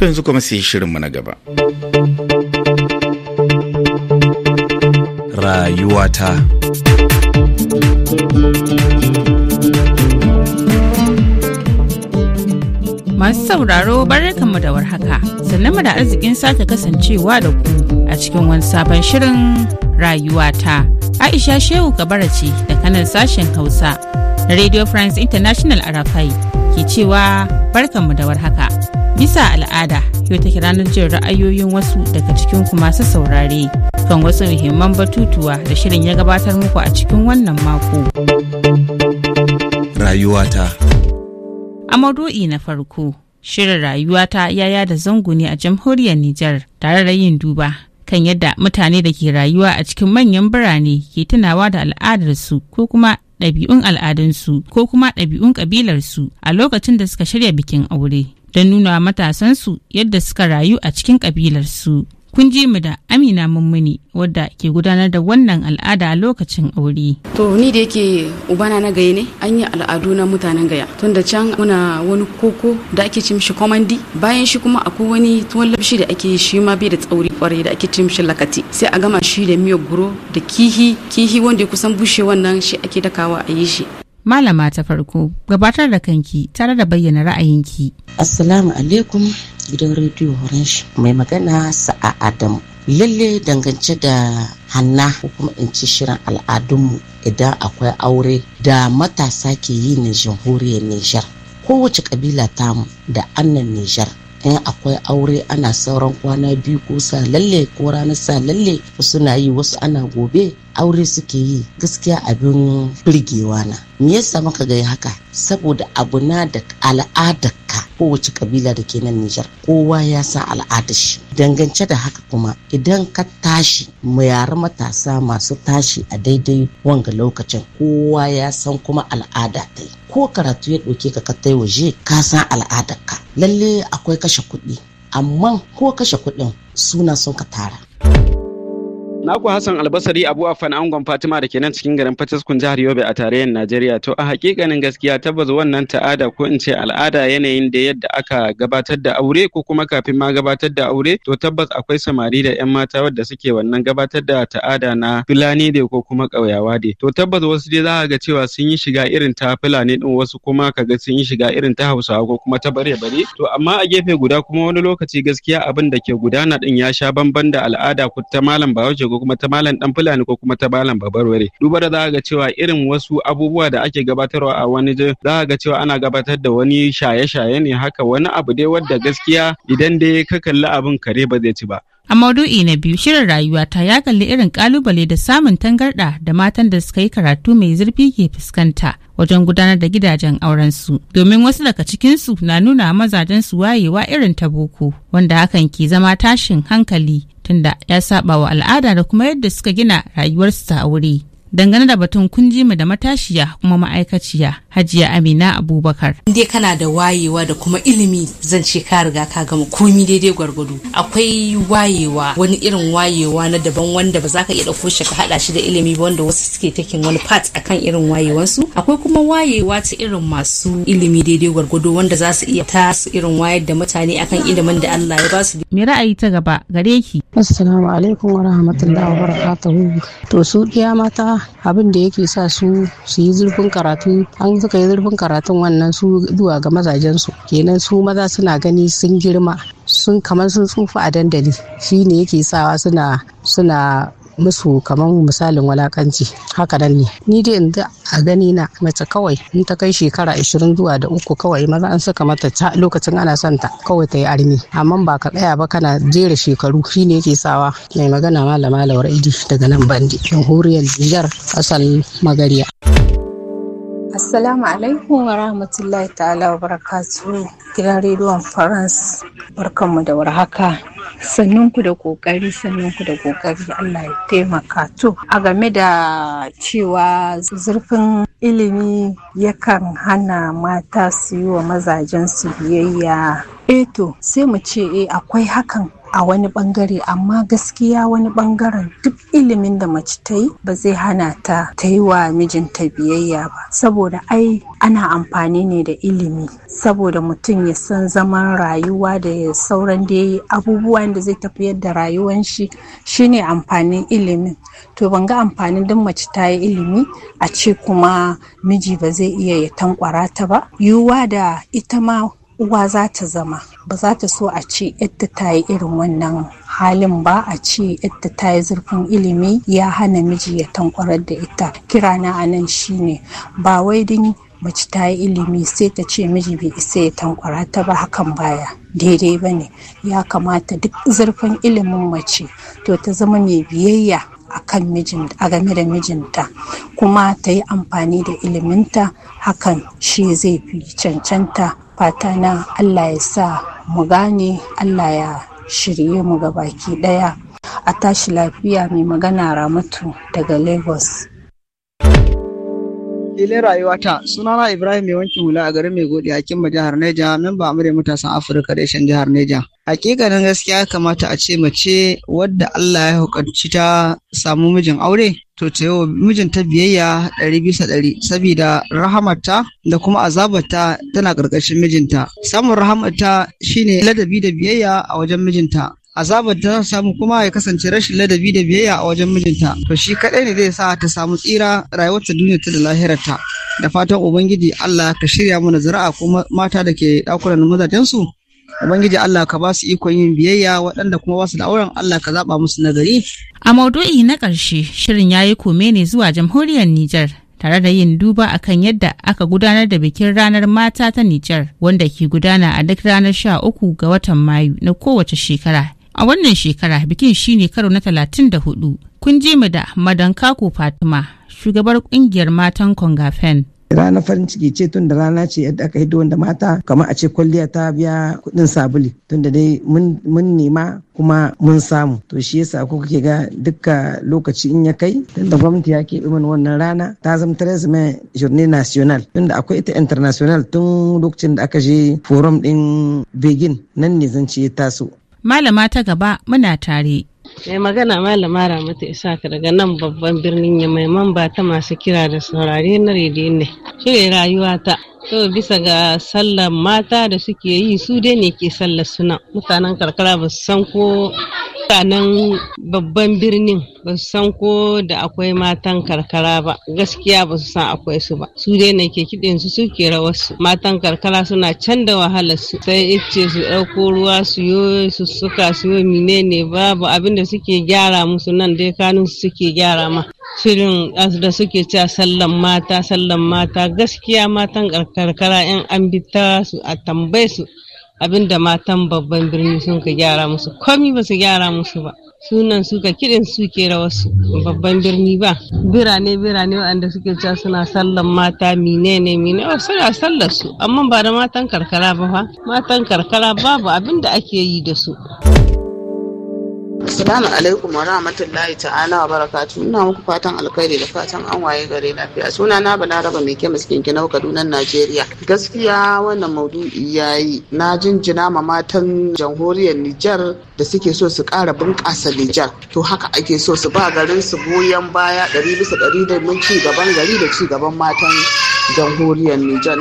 to yanzu kuma sai shirinmu na gaba. Rayuwata Masu sauraro barkanmu da warhaka, sannan mu da arzikin sake kasancewa da ku a cikin wani sabon shirin rayuwata. Aisha Shehu Kabara ce da kanan sashen Hausa na Radio France International Arafai ke cewa barkanmu da warhaka. Bisa al'ada, yau take ranar jin ra'ayoyin wasu daga cikin ku masu saurare kan wasu muhimman batutuwa da shirin ya gabatar muku a cikin wannan mako. Rayuwata A maudu'i na farko, shirin rayuwata yaya da zango ne a jamhuriyar Nijar tare da yin duba kan yadda mutane da ke rayuwa a cikin manyan birane ke tunawa da al'adarsu ko kuma ɗabi'un al'adunsu ko kuma ɗabi'un ƙabilarsu a lokacin da suka shirya bikin aure. don nuna matasansu yadda suka rayu a cikin kabilarsu. kun ji mu da amina mummuni wadda ke gudanar da wannan al'ada a lokacin aure to ni da yake ubana na gaya ne an yi al'adu na mutanen gaya tunda da can muna wani koko da ake cin shi komandi bayan shi kuma akwai wani tuwon labshi da ake shi ma bai da tsauri kwarai da ake cin shi lakati sai a gama shi da miyar guro da kihi kihi wanda ya kusan bushe wannan shi ake dakawa a yi shi Malama ta farko gabatar da kanki tare da bayyana ra'ayinki. Assalamu alaikum gidan rediyo Horanshi mai magana sa'a Adamu. Lalle dangance da hanna ko kuma in ci shirin al'adunmu idan akwai aure da matasa ke yi na jamhuriyar Nijar. Kowace kabila ta. da annan Nijar in akwai aure ana sauran kwana biyu ko sa lalle ko ranar sa lalle wasu na yi wasu ana gobe aure suke yi gaskiya abin birgewa na me yasa maka ga haka saboda abu na da al'adarka kowace kabila da ke nan Nijar kowa ya sa al'adar shi dangance da haka kuma idan ka tashi mu yara matasa masu tashi a daidai wanga lokacin kowa ya san kuma al'ada ta ko karatu ya ɗauke ka ka tai waje ka san al'adarka lalle akwai kashe kuɗi amma ko kashe kuɗin suna sun ka tara Naku Hassan Albasari Abu Afan Angon Fatima da ke cikin garin Fataskun jihar Yobe a tarayyar Najeriya. To a hakikanin gaskiya tabbas wannan ta'ada ko in ce al'ada yanayin da yadda aka gabatar da aure ko kuma kafin ma gabatar da aure to tabbas akwai samari da 'yan mata wadda suke wannan gabatar da ta'ada na Fulani dai ko kuma ƙauyawa dai. To tabbas wasu dai za ga cewa sun yi shiga irin ta Fulani din wasu kuma kaga sun yi shiga irin ta Hausawa ko kuma ta bare bare. To amma a gefe guda kuma wani lokaci gaskiya abin da ke gudana din ya sha bamban da al'ada ko ta malam Bahaushe kuma ta malam dan fulani ko kuma ta malam babarware duba da za ga cewa irin wasu abubuwa da ake gabatarwa a wani za ga cewa ana gabatar da wani shaye-shaye ne haka wani abu dai wadda gaskiya idan dai ka kalli abin kare ba zai ci ba A maudu'i na biyu shirin rayuwa ta ya kalli irin kalubale da samun tangarɗa da matan da suka yi karatu mai zurfi ke fuskanta wajen gudanar da gidajen aurensu. Domin wasu daga cikinsu na nuna mazajen su wayewa irin ta boko wanda hakan ke zama tashin hankali da ya saba wa al'ada da kuma yadda suka gina rayuwarsu ta aure. dangane da batun kun ji mu da matashiya kuma ma'aikaciya hajiya amina abubakar in dai kana da wayewa da kuma ilimi zan ce ka riga ka gama komi daidai gwargwado akwai wayewa wani irin wayewa na daban wanda ba za ka iya ɗauko shi ka haɗa shi da ilimi ba wanda wasu suke takin wani part akan irin wayewansu akwai kuma wayewa ta irin masu ilimi daidai gwargwado wanda za su iya ta su irin wayar da mutane akan ilimin da Allah ya ba su me ra'ayi ta gaba gare ki Assalamu alaikum wa rahmatullahi wa barakatuhu. To su ya mata abin da yake sa su su yi zurfin karatu an suka yi zurfin karatun wannan su zuwa ga mazajen su kenan su maza suna gani sun girma sun kamar sun tsufa a dandali shi shine yake sawa suna suna musu kamar misalin walakanci haka nan ne ni dai in yanzu a gani na mace kawai in ta kai shekara 20 zuwa da uku kawai maza an saka mata lokacin ana son ta kawai ta yi armi amma ba ka tsaya ba kana jera shekaru shi ne yake sawa mai magana malama lawar idi daga nan bandi jamhuriyar nijar asal magariya Assalamu alaikum wa rahmatullahi ta'ala wa barakatuhu gidan rediyon France barkanmu da warhaka sannan ku da kokari sannan ku da kokari Allah ya taimaka to a game da cewa zurfin ilimi yakan hana mata su yi wa mazajen su biyayya eto eh sai mu ce e akwai hakan a wani bangare amma gaskiya wani bangaren duk ilimin da mace ta yi ba zai hana ta ta yi wa mijinta biyayya ba saboda ai ana amfani ne da ilimi saboda mutum ya san zaman rayuwa da sauran da ya yi abubuwan da zai tafiyar da rayuwan shi shine amfanin ilimin to ban ga amfanin duk mace ta yi ilimi a ce kuma miji ba zai iya ya tankwara ta ba yiwuwa da ita ma uwa za ta zama ba za ta so a ce yadda ta yi irin wannan halin ba a ce yadda ta yi zurfin ilimi ya hana miji ya tankwarar da ita kirana anan nan shine ba wai din mace ta yi ilimi sai ta ce miji bai isa ya tankwara ta ba hakan baya daidai ba ne ya kamata duk zurfin ilimin mace to ta zama mai biyayya a kan a game da mijinta kuma ta yi amfani da iliminta hakan shi zai fi cancanta fata na allah ya sa mu gane allah ya shirye mu ga baki daya a tashi lafiya mai magana ramatu daga lagos rayuwa rayuwata sunana ibrahim mai wankin hula a garin mai a kimma jihar neja memba amurai matasan afirka reshen jihar neja hakikanin gaskiya ya kamata a ce mace wadda Allah ya hukunci ta samu mijin aure to ta yi wa mijinta biyayya ɗari bisa ɗari saboda rahamarta da kuma azabarta tana ƙarƙashin mijinta samun rahamarta shine ladabi da biyayya a wajen mijinta azabar da samu kuma ya kasance rashin ladabi da biyayya a wajen mijinta to shi kaɗai ne zai sa ta samu tsira rayuwarta duniyarta da lahirarta da fatan ubangiji Allah ka shirya mana zuri'a kuma mata da ke dakunan mazajensu ubangiji Allah ka ba su ikon yin biyayya waɗanda kuma ba su da auren Allah ka zaɓa musu nagari a maudu'i na ƙarshe shirin ya yi kome ne zuwa jamhuriyar Nijar tare da yin duba akan yadda aka gudanar da bikin ranar mata ta Nijar wanda ke gudana a duk ranar sha uku ga watan Mayu na kowace shekara a wannan shekara bikin shine karo na talatin da hudu kun ji mu da madankaku Fatima shugabar ƙungiyar matan Kongafen ranar farin ciki ce tun da rana ce yadda aka yi wanda mata kamar a ce kwalliya ta biya kuɗin sabuli tun da dai mun nema kuma mun samu to shi yasa ko kake ga duka lokaci in ya kai tun da gwamnati ya keɓe mana wannan rana ta zama tres mai journée national tun da akwai ita international tun lokacin da aka je forum din begin nan ne zan ce taso malama ta gaba muna tare Mai magana Malama Ramatu Isaka daga nan babban birnin Yamai mamba ta masu kira da saurare na rediyon ne. Shirya rayuwa ta. To bisa ga sallar mata da suke yi su dai ne ke sallar suna. Mutanen karkara ba su san ko mutanen babban birnin ba su san ko da akwai matan karkara ba gaskiya ba su san akwai su ba su dai na ke kiɗin su suke rawar su matan karkara suna can da wahalar su sai ice su ɗauko ruwa su yo su suka su yo menene babu abin da suke gyara musu nan dai kanun su suke gyara ma shirin da suke cewa sallan mata sallan mata gaskiya matan karkara in an bi ta su a tambaye su Abin da matan babban birni sun ka gyara musu komi ba su gyara musu ba sunan suka kiɗin suke wasu babban birni ba birane birane waɗanda suke cewa suna sallan mata mine ne mine wa oh, suna sallar su amma ba da matan karkara ba fa matan karkara babu abin da ake yi da su Assalamu alaikum wa rahmatullahi ta'ala wa barakatu. Ina muku fatan alkhairi da fatan an waye gare lafiya. Suna na bana raba mai kemis kinki na Kaduna Najeriya. Gaskiya wannan maudu'i yayi na jinjina ma matan jamhuriyar Nijar da suke so su kara bunƙasa Nijar. To haka ake so su ba garin su goyon baya ɗari bisa ɗari da mun ci gaban gari da ci gaban matan jamhuriyar Nijar.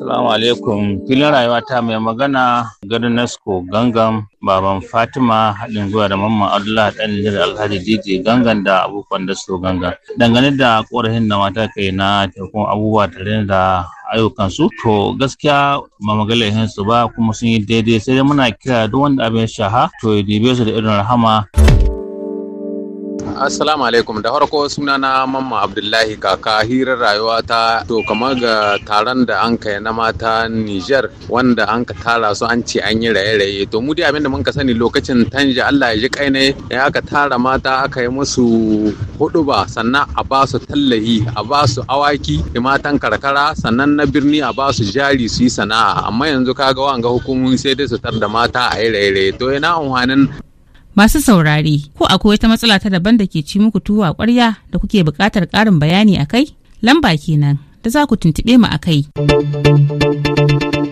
Assalamu alaikum filin rayuwa ta mai magana garin Nasko gangan baban Fatima haɗin zuwa da mamman Abdullah ɗan Lir Alhaji DJ gangan da abubuwan da so gangan. Dangane da ƙorafin da mata kai na taimakon abubuwa tare da ayyukansu to gaskiya ba magalahin su ba kuma sun yi daidai sai dai muna kira duk wanda abin shaha to ya dibe su da irin rahama. Assalamu alaikum da farko suna na Mamma Abdullahi kaka hirar rayuwa ta to kamar ga taron da an kai na mata Niger wanda an ka tara su an ce an yi raye-raye to mu dai abinda mun ka sani lokacin tanja Allah ya ji kai ne ya aka tara mata aka yi musu hudu ba sannan a ba su tallahi a ba su awaki da matan karkara sannan na birni a ba su jari su yi sana'a amma yanzu kaga wanga hukumomi sai dai su tar da mata a yi raye-raye to ina amfanin Masu saurare, ko akwai wata matsala ta daban da ke ci muku tuwo a ƙwarya da kuke buƙatar ƙarin bayani a kai? Lamba kenan da za ku tuntuɓe mu a kai.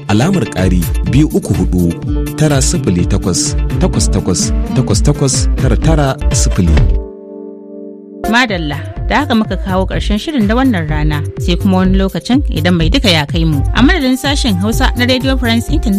Alamar ƙari biyu uku hudu tara sifili takwas takwas takwas takwas takwas tara tara sifili. Madalla, da haka muka kawo ƙarshen shirin da wannan rana sai kuma wani lokacin idan mai duka ya kai mu a madadin sashen hausa na radio france international